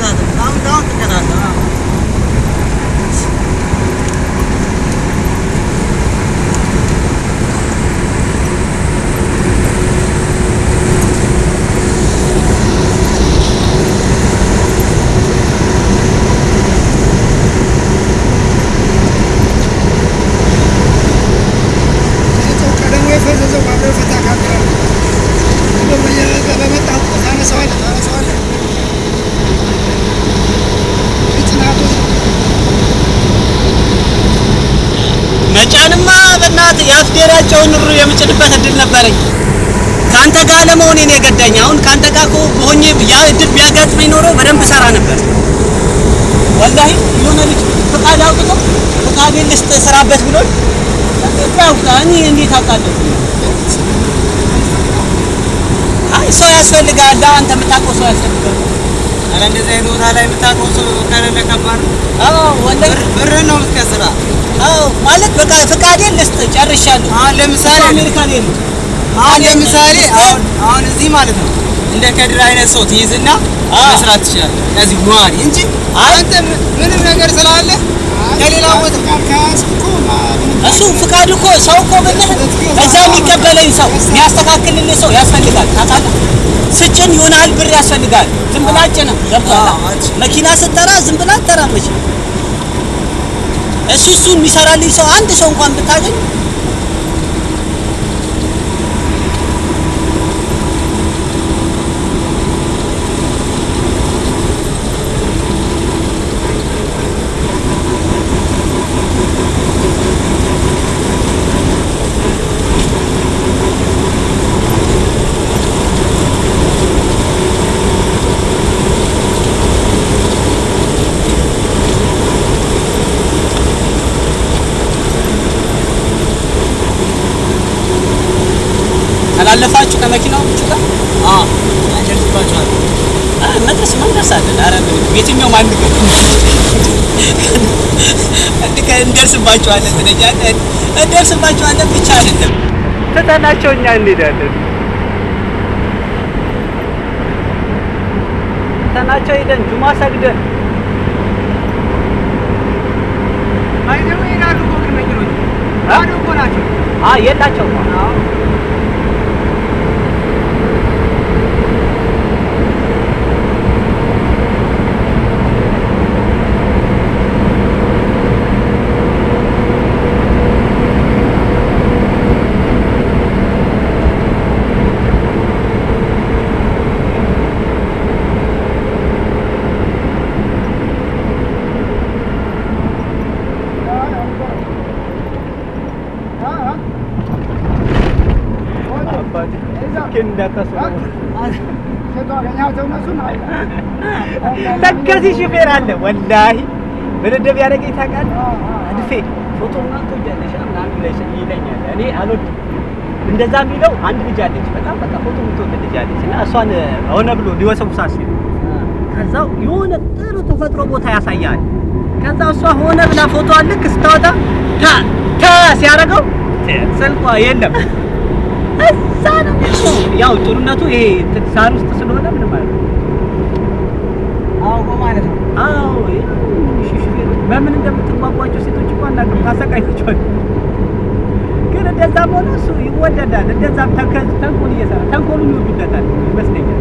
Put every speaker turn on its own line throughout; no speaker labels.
발견하는 መጫንማ በእናት የአፍዴራቸውን ሩ የምጭንበት እድል ነበረኝ። ከአንተ ጋር እኔ የገዳኝ። አሁን ከአንተ ጋር ሆኜ ያ እድል ቢያጋጥመኝ ኖሮ በደንብ ሰራ ነበር። ወላሂ የሆነ ልጅ ፈቃድ አውጥቶ ፈቃዴን ልስጥ ስራበት ብሎ ያውጣ። እኔ እንዴት አውቃለሁ? አይ ሰው ያስፈልጋል። አንተ የምታውቀው ሰው ያስፈልጋል።
ኧረ እንደዚህ አይነት ቦታ ላይ የምታውቀው ሰው ከሌለ ከባድ ነው። አዎ ነው የምትከስራ።
ማለት በቃ ፍቃዴን ልስጥ ጨርሻለሁ። አሁን ለምሳሌ አሜሪካን የለ
አሁን ለምሳሌ አሁን እዚህ ማለት ነው እንደ ከድር አይነት ሰው ትይዝና መስራት ትችላለህ። ከዚህ ነዋሪ እንጂ አንተ ምንም ነገር ስላለ ከሌላ ቦታ ካልካያስኩ
እሱ ፍቃድ እኮ ሰው እኮ ብልህ እዛ የሚቀበለኝ ሰው የሚያስተካክልን ሰው ያስፈልጋል። ታውቃለህ፣ ስጭን ይሆናል ብር ያስፈልጋል። ዝም ብላ አጭንም መኪና ስጠራ ዝም ብላ አጠራመች። እሱ እሱን የሚሰራልኝ ሰው አንድ ሰው እንኳን ብታገኝ አለፋችሁ ከመኪናዎቹ ጋር አዎ መድረስ መድረስ አረ የትኛውም አንድ ቀን እንደርስባችኋለን ትለኛለህ፣ ብቻ አይደለም
ትተናቸው እኛ እንሄዳለን። ትተናቸው ሄደን ጁማ ሰግደን
የላቸው ልኬን እንዳታስብ ተከዚ ሹፌር አለ ወላሂ በደደብ ያደረገኝ ታውቃለህ። አድፌ ፎቶ ምናምን ትወጃለሽ ምናምን ይለኛል። እኔ አልወድም እንደዛ የሚለው አንድ ልጅ አለች፣ በጣም በቃ ፎቶ የምትወድ ልጅ አለች። እና እሷን ሆነ ብሎ ሊወሰውሳት ሲል ከዛው የሆነ ጥሩ ተፈጥሮ ቦታ ያሳያል። ከዛ እሷ ሆነ ብላ ፎቶ አለ ስታወጣ ታ ታ ሲያደርገው
ስልኳ የለም
እዛ ነው
ያው ጥሩነቱ ይሄ ሳር ውስጥ ስለሆነ ምን ማለት ነው። አዎ ማለት ነው።
አዎ በምን እንደምትጓጓቸው ሴቶች እኮ አናውቅም፣ ታሰቃያቸዋል። ግን እንደዛም ሆኖ እሱ ይወደዳል። እንደዛም ተንኮል እየሰራ ተንኮሉን ይወዱለታል ይመስለኛል።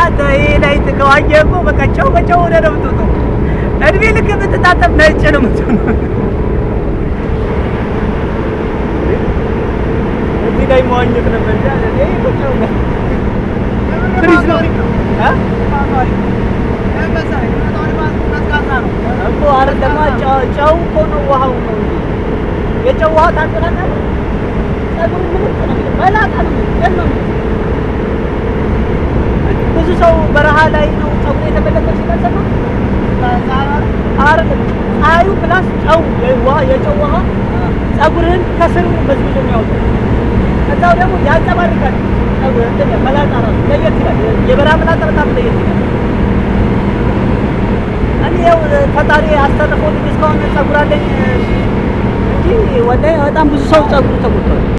አንተ ይህ ላይ ትከዋየ እኮ በቃ ቸው በቸው ወደ ነው የምትወጡ። እድሜ ልክ የምትታጠብ ነጭ ነው የምትሆኑ።
እዚህ ላይ መዋኘት ነበር
እኮ አይደለማ። ጨው እኮ ነው ውሃው ነው የጨው ውሃ ታጥረናል። ጸጉሩ ምንም ነው መላጣ ነው ነው ብዙ ሰው በረሃ ላይ ነው ፀጉር የተመለከት ሲመሰሉ አይደለም ፀሐዩ ፕላስ ጨው የጨው ውሃ ፀጉርህን በዝብዞ የሚያወጣው ደግሞ ያንጸባርቃል። መላጣ ራሱ ለየት ይላል። የበረሃ መላጣ በጣም ለየት ይላል። እኔ ያው ፈጣሪ አስተርፎልኝ እስካሁን አለኝ እንጂ ወላሂ በጣም ብዙ ሰው ፀጉሩ ተጎድቷል።